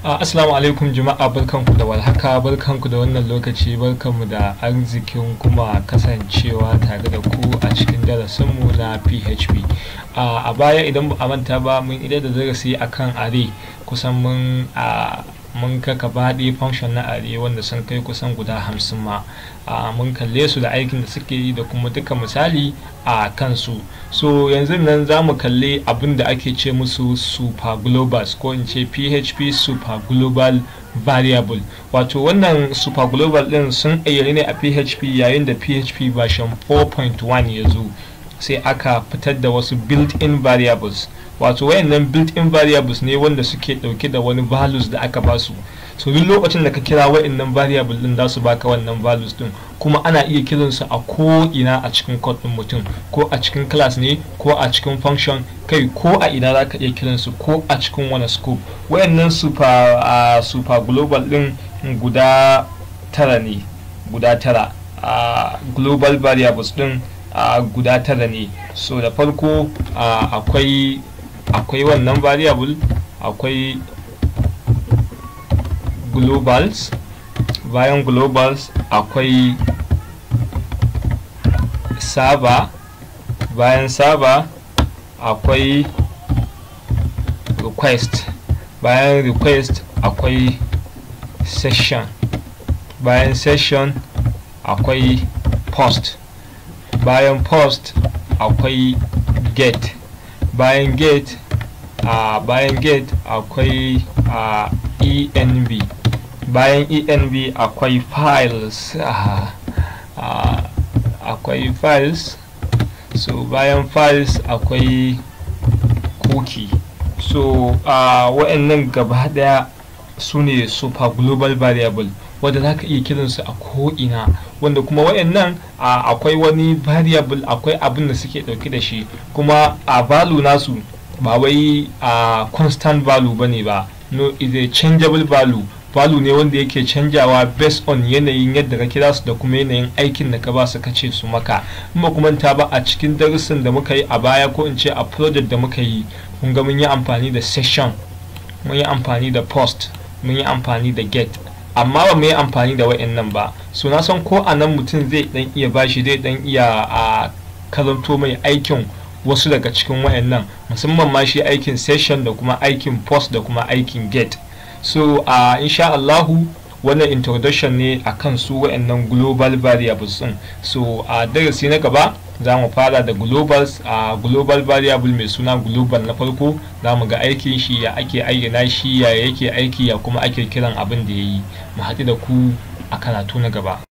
Ah, assalamu alaikum jama'a barkanku da walhaka barkanku da wannan lokaci barkanmu da arzikin kuma kasancewa tare da ku a cikin darasinmu na PHP. Ah, a baya idan ba a manta ba mun idar da darasi akan are kusan mun a ah, mun kaka ba ɗaya function na are wanda sun kai kusan guda hamsin ma a mun kalle su da aikin da suke yi da kuma duka misali a kansu so yanzu nan za mu kalle abin da ake ce musu super globals ko in ce php super global variable wato wannan super global din sun ayyari ne a php yayin da php version 4.1 ya zo sai aka fitar da wasu built-in variables wato wayannan built-in variables ne wanda suke dauke da wani values da aka basu so duk lokacin da ka kira wayannan variables din za su baka wannan values din kuma ana iya kiransu a ko ina a cikin code din mutum ko a cikin class ne ko a cikin function kai ko a ina za ka iya kiransu ko a cikin wani scope wayannan super uh, super global din guda tara ne guda tara global variables din a guda tara ne so da farko akwai akwai wannan variable akwai globals bayan globals akwai saba bayan saba akwai request bayan request akwai session bayan session akwai post bayan post akwai gate bayan gate a bayan gate akwai a env bayan env akwai files akwai files so bayan files akwai cookie so a uh, waɗannan gaba daya su ne super global variable wanda za ka iya kiransu a ko'ina wanda kuma wayannan akwai wani variable akwai abin da suke ɗauki da shi kuma a value nasu ba wai a constant value ba ne ba no is a changeable value value ne wanda yake canjawa based on yanayin yadda ka kira su da kuma yanayin aikin da ka ba su kace su maka kuma kuma ta ba a cikin darussan da muka yi a baya ko in ce a project da muka yi mun ga mun yi amfani da session mun yi amfani da post mun yi amfani da get amma ba mu yi amfani da nan ba so na san ko a nan mutum zai dan iya bashi zai dan iya a karanto mai aikin wasu daga cikin nan musamman ma shi aikin session da kuma aikin post da kuma aikin gate so a insha wannan introduction ne akan su wa'annan global variables din so a darasi na gaba za mu fara da globals a global variable mai suna global na farko za mu ga aikin shi ya ake ayyana shi ya yake aiki ya kuma ake kiran abin da ya yi mu haɗu da ku a karatu na gaba